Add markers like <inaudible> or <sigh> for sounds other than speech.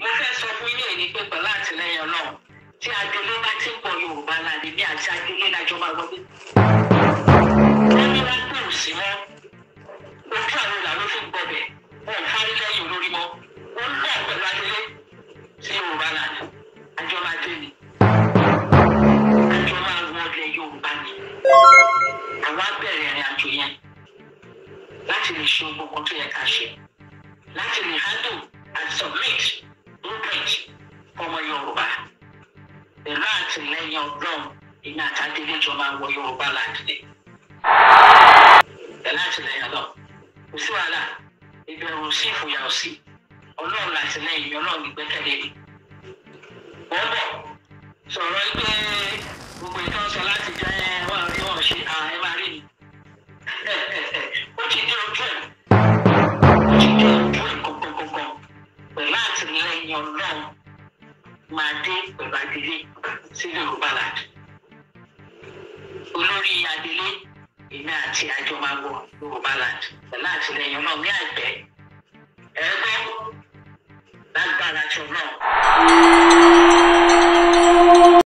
mo fẹ́ sọ fún yín ní pé pẹ̀lú àtìlẹyìn ọlọ́run tí adelé bá ti ń bọ̀ yorùbá lálẹ́ ní àti adelé lájọba gbọ́dọ̀. lẹ́mìíràn kù sí mọ́ ojú àwọn ìlànà fi ń wọn ò lẹ́yìn olórí mọ́ wọ́n ń bọ̀ pẹ̀lú adelé sí yorùbá lálẹ́ àjọba adélé àjọba wọlé yorùbá ni àwọn abẹ́rẹ́ ìrìn àjò yẹn láti lè ṣe gbogbo tó yẹ ká ṣe láti lè handle and submit ọmọ yorùbá pẹ̀lú àtìlẹ́yìn ọdún ìní àtàdéjọ máa wọ yorùbá láti pẹ̀lú àtìlẹ́yìn ọdún kò sí wàhálà ìbẹ̀rù sí ìfòyà òsì ọlọ́run làtìlẹ́yìn ọlọ́run ìgbẹ́kẹ̀lé mi wọ́n bọ̀ sọ̀rọ̀ pé gbogbo ìtàn sọ láti jẹ́ wọ́n rí wọn ṣe àwọn ẹ̀ máa rí mi <laughs> ó ti dé ojú ẹ̀ ó ti dé ojú ẹ̀ kọ̀kọ̀kọ̀kọ̀ pẹ̀lú àtìlẹ́yìn ọlọ́run máa dé pẹ̀lú adelé sí yorùbá land olórí adelé èmi àti àjọ máa wọ yorùbá land pẹ̀lú àtìlẹyìn náà ní àìpẹ́ ẹgbẹ́ lágbára jọ náà.